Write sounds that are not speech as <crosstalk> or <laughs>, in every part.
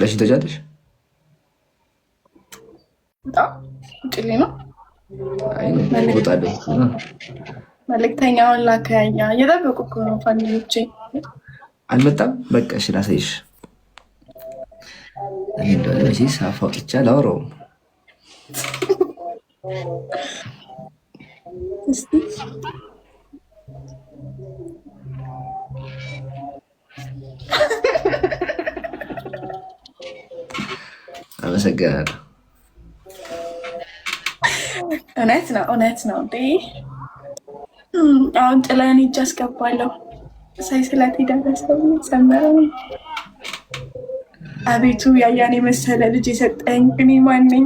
ለሽ ተጫለሽ ጭሌ ነው መልእክተኛውን ላከኛ እየጠበቁ ነው ፋሚሊዎቼ። አልመጣም። በቃ እሺ ላሳይሽ እንደሆነመቼስ አፋውጥቻ ላውረውም እስቲ አመሰግናለሁ። እውነት ነው፣ እውነት ነው። አሁን ጥላን እጅ አስገባለሁ ሳይስላት ሄዳለሰው ሰመረ አቤቱ ያያን የመሰለ ልጅ የሰጠኝ እኔ ማነኝ?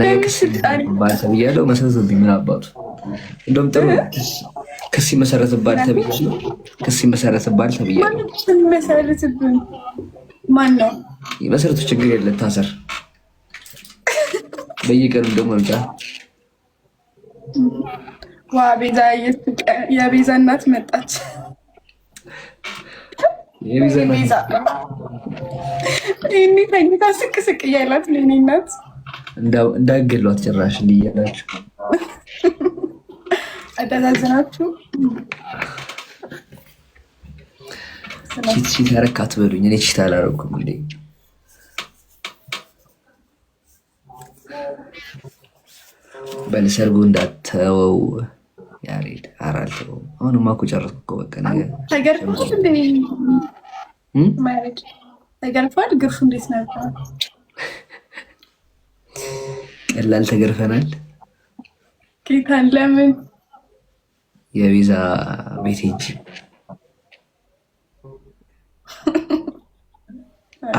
ነቅስ ባሰብ እያለው መሰዘብኝ ምን አባቱ እንደውም ጥሩ ክስ ይመሰረትባል ተብዬሽ ነው። ክስ ይመሰረትባል ተብያለሁ። ይመሰረትብን ማን ነው? ይመሰረቱ ችግር የለ ታሰር። በየቀኑ ደግሞ መምጫ ዋ ቤዛ የቤዛ እናት መጣች። የቤዛ ይህኔ ተኝታ ስቅ ስቅ እያላት ለእኔ እናት እንዳገሏት ጭራሽ እንዲያላችሁ አደዛዝናችሁ ቺት ያረክ አትበሉኝ። እኔ ቺት አላረኩም። እንዴ ያሬድ ጨረስኩ እኮ በቃ ነገር እንዴ ማሬድ ተገርፏል። ግርፉ እንዴት ነበር? ቀላል ተገርፈናል። ጌታን ለምን የቤዛ ቤት ሂጅ።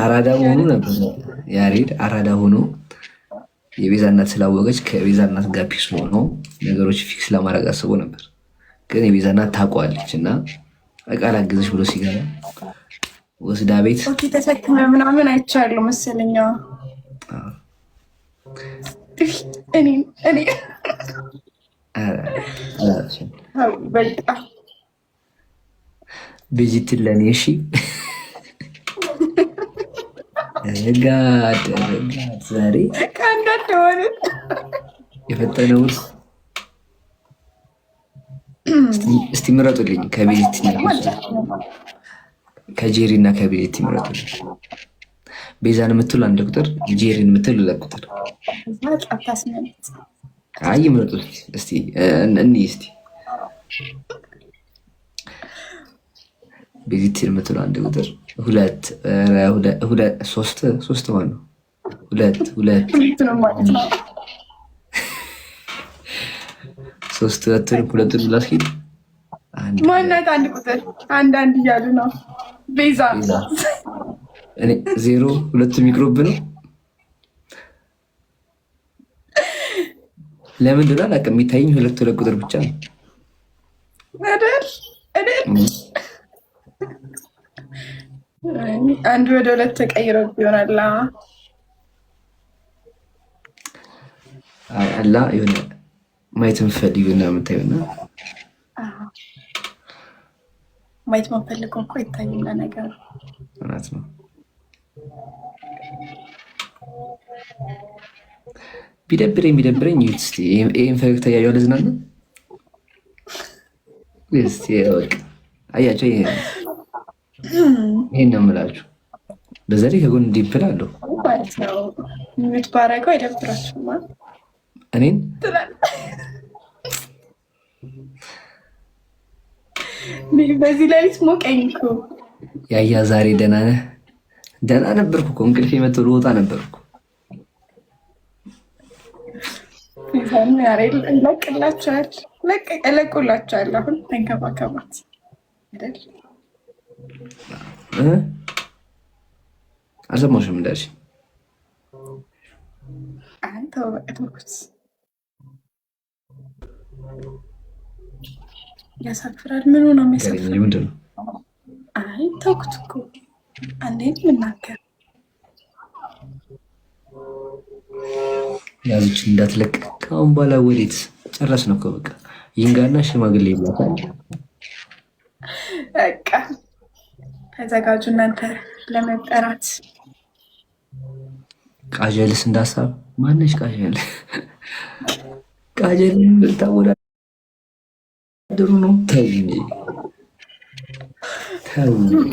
አራዳ ሆኖ ነበር ያሬድ አራዳ ሆኖ የቤዛ እናት ስላወቀች ከቤዛ እናት ጋር ፒስ ሆኖ ነገሮች ፊክስ ለማድረግ አስቦ ነበር። ግን የቤዛ እናት ታውቀዋለች እና እቃ ላግዝሽ ብሎ ሲገባ ወስዳ ቤት ተሰክመ ምናምን አይቻሉ መሰለኛዋ ቪጂትን ለኔ እሺ። ጋድ ዛሬ የፈጠነ ውስጥ እስቲ ምረጡልኝ። ከቤት ከጄሪ እና ከቤት ምረጡልኝ። ቤዛን የምትል አንድ ቁጥር፣ ጄሪን የምትል ሁለት ቁጥር አይ ይምረጡልኝ እስቲ እንይ እስቲ ቤዚት የምትለው አንድ ቁጥር ሁለት ሶስት ሶስት ማለት ነው። ሁለት ሁለት ሶስት ሁለቱን ሁለቱን ላስኪድ ማናት አንድ ቁጥር አንድ አንድ እያሉ ነው። ቤዛ ዜሮ ሁለቱ ሚክሮብ ነው ለምን እንደሆነ አላውቅም። የሚታየኝ ሁለት ሁለት ቁጥር ብቻ ነው። አንድ ወደ ሁለት ተቀይሮ ይሆናል። አላ የሆነ ማየት የምፈልጊውና ና ማየት የምፈልገው እኮ ይታይና ነገር እውነት ነው። ቢደብረኝ ቢደብረኝ ይህን ፈገግታ እያየሁ ልዝናና። አያቸው ይሄን ነው የምላችሁ። በዛ ላይ ከጎን ዲፕል አለሁ እኔን በዚህ ሌሊት ሞቀኝ እኮ ያያ ዛሬ ደህና ነህ? ደህና ነበርኩ እኮ እንቅልፌ መቶ ልወጣ ነበርኩ ያሬል ይለቅላቸዋል። እለቁላቸዋል። አሁን ተንከባከባት አይደል? አልሰማሽም እንዳልሽ ያሳፍራል። ምኑ ነው የሚያሳፍረው? አይ ተውኩት እኮ አንዴ የምናገር ያዙች እንዳትለቅ። ከአሁን በኋላ ወዴት ጨረስ ነው እኮ በቃ ይንጋና ሽማግሌ ይባታል። በቃ ተዘጋጁ እናንተ ለመጠራት። ቃጀልስ እንዳሳብ ማነች ቃጀል? ቃጀል ልታወዳድሩ ነው? ተው እንጂ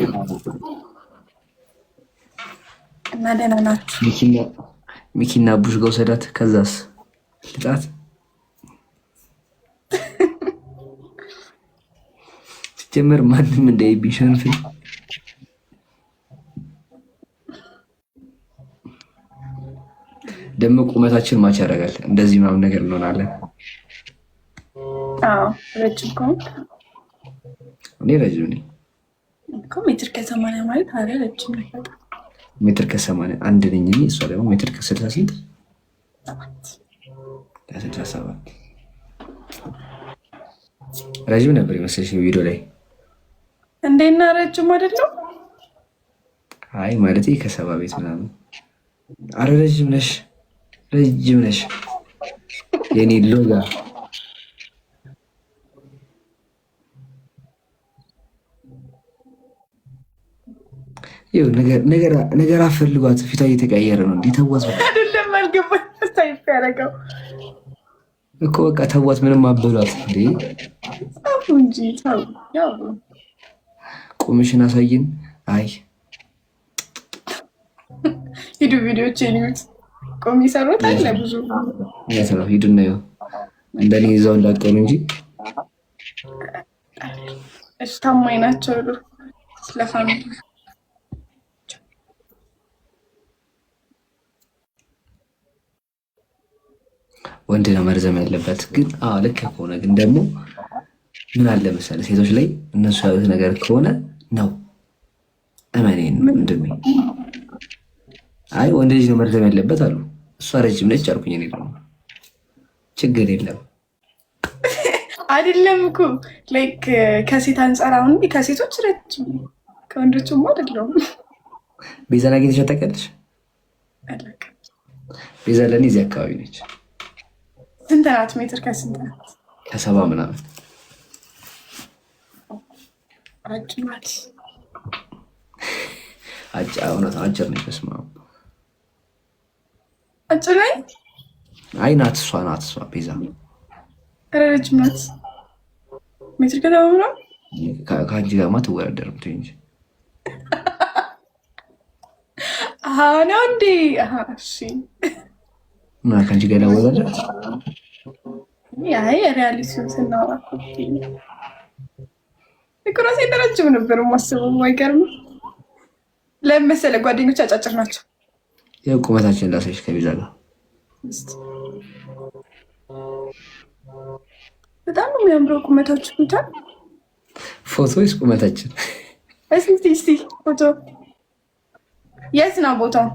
እና ደህና ናችሁ? ሚኪና ቡሽ ጋር ውሰዳት። ከዛስ ልጣት ሲጀመር ማንም እንዳይቢሸንፍ ደግሞ ቁመታችን ማች ያደርጋል። እንደዚህ ምናምን ነገር እንሆናለን። ረጅም ከሆነ እኔ ረጅም ነኝ እኮ ሜትር ከሰማንያ ማለት አረ ረጅም ነበጣ ሜትር ከሰማንያ አንድ ነኝ እኔ። እሷ ደግሞ ሜትር ከስልሳ ስንት ከስልሳ ሰባት ረዥም ነበር የመሰለሽ ቪዲዮ ላይ እንዴና ረጅም አይደለም። አይ ማለት ከሰባ ቤት ምናምን። አረ ረዥም ነሽ፣ ረዥም ነሽ የኔ ሎጋ ነገር አፈልጓት ፊቷ እየተቀየረ ነው። እንዲህ ተዋት እኮ በቃ ተዋት፣ ምንም አበሏት እንጂ ቁምሽን አሳይን። አይ ሂዱ ቪዲዮች ኒት ቆሚ ሰሩት አለ ብዙ ነው። ሂዱና ይኸው እንደኔ ይዘው እንዳቀሉ እንጂ እሺ ታማኝ ናቸው ለፋሚሊ ወንድ ነው መርዘም ያለበት። ግን ልክ ከሆነ ግን ደግሞ ምን አለ መሰለህ ሴቶች ላይ እነሱ ያሉት ነገር ከሆነ ነው እመኔን ምንድን አይ ወንድ ልጅ ነው መርዘም ያለበት አሉ። እሷ ረጅም ነች አልኩኝ። እኔ ደግሞ ችግር የለም አይደለም እኮ ላይክ ከሴት አንጻር አሁን ከሴቶች ረጅም ከወንዶችማ አይደለም። ቤዛ ላግኝተሽ ታውቂያለሽ? ቤዛ ለእኔ እዚህ አካባቢ ነች። ስንት ናት? ሜትር ከስንት ናት? ከሰባ ምናምን አጭናት። አጭ እውነት አጭር ነች። በስመ አብ አጭር ነኝ። አይ ናት፣ እሷ ናት፣ እሷ ቤዛ ረጅም ናት። ሜትር ከሰባ ምናምን ከአንቺ ጋርማ ትወዳደርም ትይ እንጂ ነው እንዴ? እሺ እና ከአንቺ ጋር ላወዳደር ያይ ሪያሊቲውን ስናወራ እኩራሴ ደረጅም ነበር ማስበው አይገርም። ለምን መሰለህ? ጓደኞች አጫጭር ናቸው። ያው ቁመታችን ላሳይሽ ከቤዛ ጋር በጣም የሚያምረው ቁመታች ብቻ ፎቶ ስ ቁመታችን እስቲ እስቲ ፎቶ የት ነው ቦታው?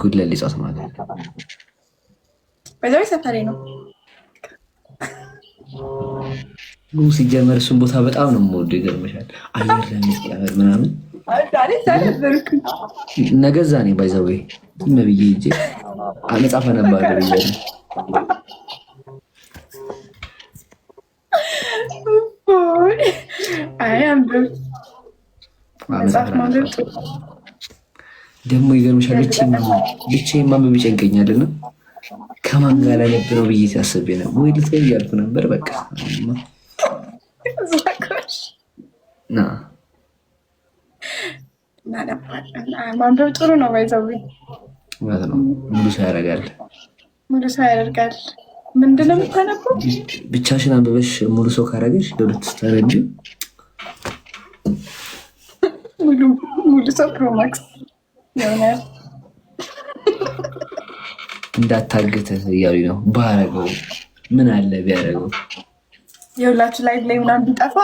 ጉድ ለሊጾት ማለት ነው በዛ ሰፈሬ ነው። ሲጀመር እሱን ቦታ በጣም ነው የምወደው። ይገርምሻል፣ አየር ለሚቀበል ምናምን ነገዛ ኔ ባይዘዌ መብዬ እ መጽሐፈ ነባር ደግሞ ይገርምሻል፣ ብቻዬን ማንበብ ይጨንቀኛል ከማን ጋር ያለብ ነው ብዬ ሲያስብ ነ ወይ ልትገኝ እያልኩ ነበር። በቃ ማንበብ ጥሩ ነው። ባይዘዊ ሙሉ ሰው ያደርጋል። ሙሉ ሰው ያደርጋል። ምንድን ነው የምታነበው? ብቻሽን አንበበሽ ሙሉ ሰው ካረገሽ ለሁለት ስታረጅ ሙሉ ሰው ፕሮማክስ ይሆናል። እንዳታግተ እያሉ ነው። ባረገው ምን አለ ቢያደረገው የሁላችሁ ላይ ላይ ምናምን ቢጠፋ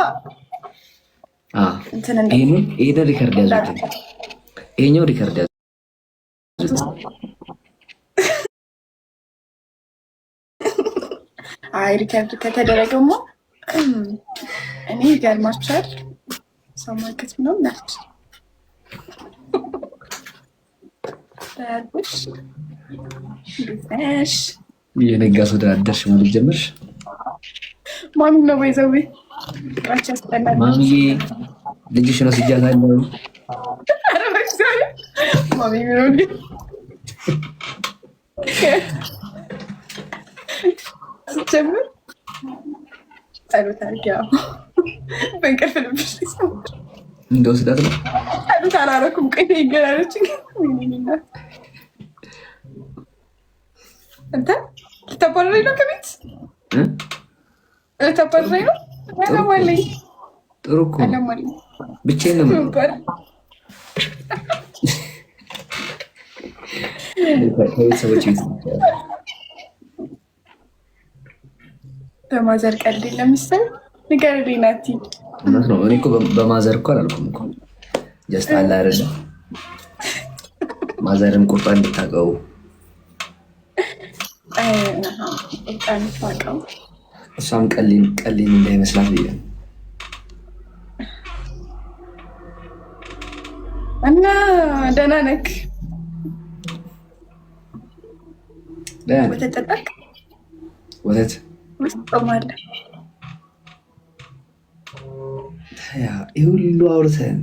ይሄንን ሪከርድ ያዙት። ይሄኛው ሪከርድ ያዙ። አይ ሪከርድ ከተደረገማ እኔ ይገርማችኋል ሰማከት ምናምን ናቸው የነጋ ሶዳ አደርሽ ማለት ጀመርሽ። ማንም ነው ወይዘዊ ቃቸ ያስጠላል። ልጅሽ ነው ስጃት ማሚ ነው ስጀምር ጸሎት አድርጊ በእንቅልፍ ልብሽ ነው ጸሎት አላረኩም። ቆይ ይገላለች እንትን ልታባረረኝ ነው ከቤት ልታባረረኝ ነው። አለማለኝ ጥሩ እኮ ብቻዬን ነው የምኖረው። በማዘር ቀልድ የለም መሰል ንገረልኝ እኔ እኮ በማዘር እኮ አላልኩም እኮ ጀስት አለ አይደለም ማዘርን ቁርጧን እሷም ቀሊን ቀሊን እንዳይመስላት ብዬ እና ደህና ነህ? ወተት ይህ ሁሉ አውርተን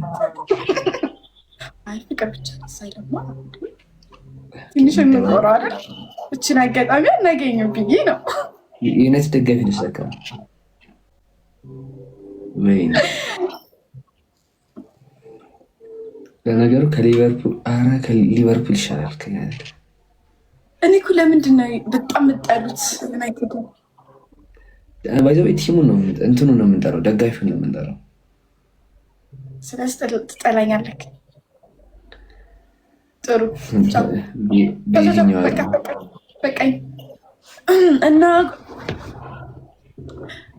ትንሽ የሚቆረው አይደል እችን አጋጣሚ አናገኝም ብዬ ነው። የእውነት ደጋፊ ንሰካ ለካ። ለነገሩ ከሊቨርፑል ኧረ ከሊቨርፑል ይሻላል። እኔ እኮ ለምንድን ነው በጣም የምጠሉት? ባይዘ ቲሙ ነው እንትኑ ነው የምንጠራው፣ ደጋፊ ነው የምንጠራው። ስለዚህ ትጠላኛለህ ጥሩ እና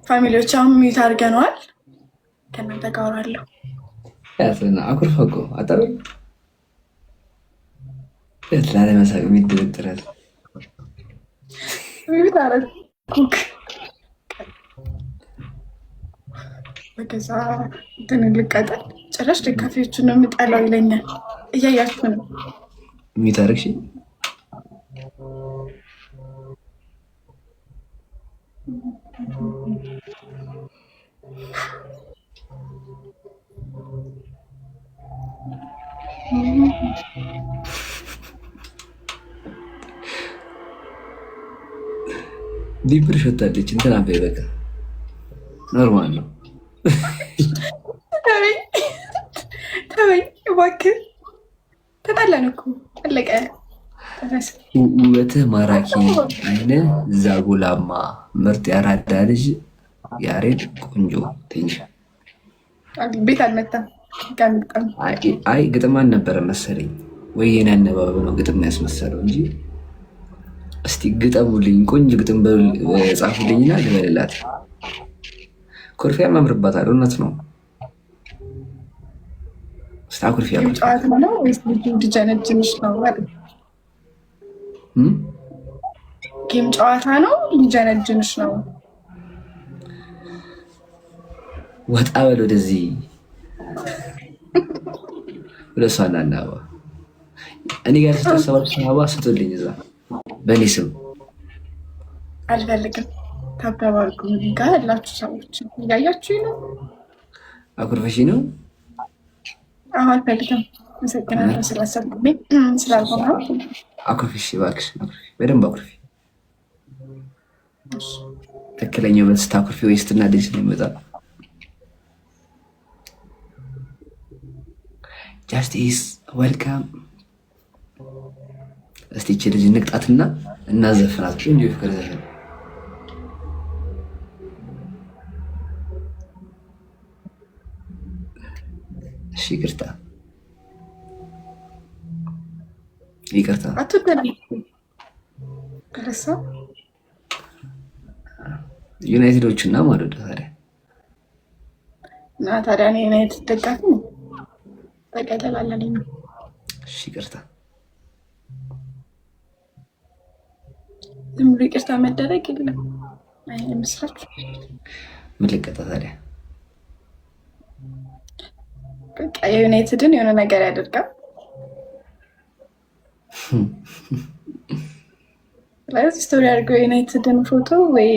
ፋሚሊዎች አሁን ሚዩት አድርገነዋል። ከእናንተ ጋር አወራለሁ። አኩርፋ እኮ አጠሩ ላለመሳቅ የሚደረድራል በገዛ እንትን ልቀጠል ጭራሽ ደጋፊዎቹን ነው የምጠላው ይለኛል። እያያችሁ ነው የሚታረግ ዲፕርሽ ወታለች። እንትና በቃ ኖርማል ነው። ተበኝ ተበኝ እባክህ አለቀ። ውበትህ ማራኪ፣ አይነ ዛጉላማ፣ ምርጥ ያራዳ ልጅ ያሬድ ቆንጆ ትንሽ ቤት አልመጣም። አይ ግጥም አልነበረ መሰለኝ ወይ የኔ አነባበብ ነው ግጥም ያስመሰለው እንጂ እስቲ ግጠሙልኝ፣ ቆንጆ ግጥም ጻፉልኝና ልበልላት። ኮርፊያ ማምርባታል። እውነት ነው። ስታኩርፍ ያለው ጨዋታ ነው ሊጀነጅንሽ ነው? ጌም ጨዋታ ነው ሊጀነጅንሽ ነው? ወጣ በል ወደዚህ ወደ እሷ ላለ እኔ ጋር ስትሰባችሁ አበባ ስጡልኝ። እዛ በእኔ ስም አልፈልግም። ታበባርጉ ጋር ያላችሁ ሰዎች እያያችሁ ነው። አኩርፈሽ ነው አልፈልግም። <clears throat> አኩርፊሽ እባክሽ በደንብ አኩርፊ። ትክክለኛው በት ስታኩርፊ ወይ ስትናደጅ ነው ጃስቲስ ወልካም። እስቲ ይህች ልጅ ንቅጣትና እናዘፍናት እንዲሁ ፍቅር ዘፈን ይቅርታ ይቅርታ ዩናይትዶች እና ማለዳ ታዲያ እና ታዲያ እኔ ዩናይትድ ደጋፊ ነው። እሺ ይቅርታ፣ ዝም ብሎ ይቅርታ መደረግ የለም። አይ ምን ልቀጣ ታዲያ በቃ የዩናይትድን የሆነ ነገር ያደርጋል። <laughs> ስቶሪ አድርገው የዩናይትድን ፎቶ ወይ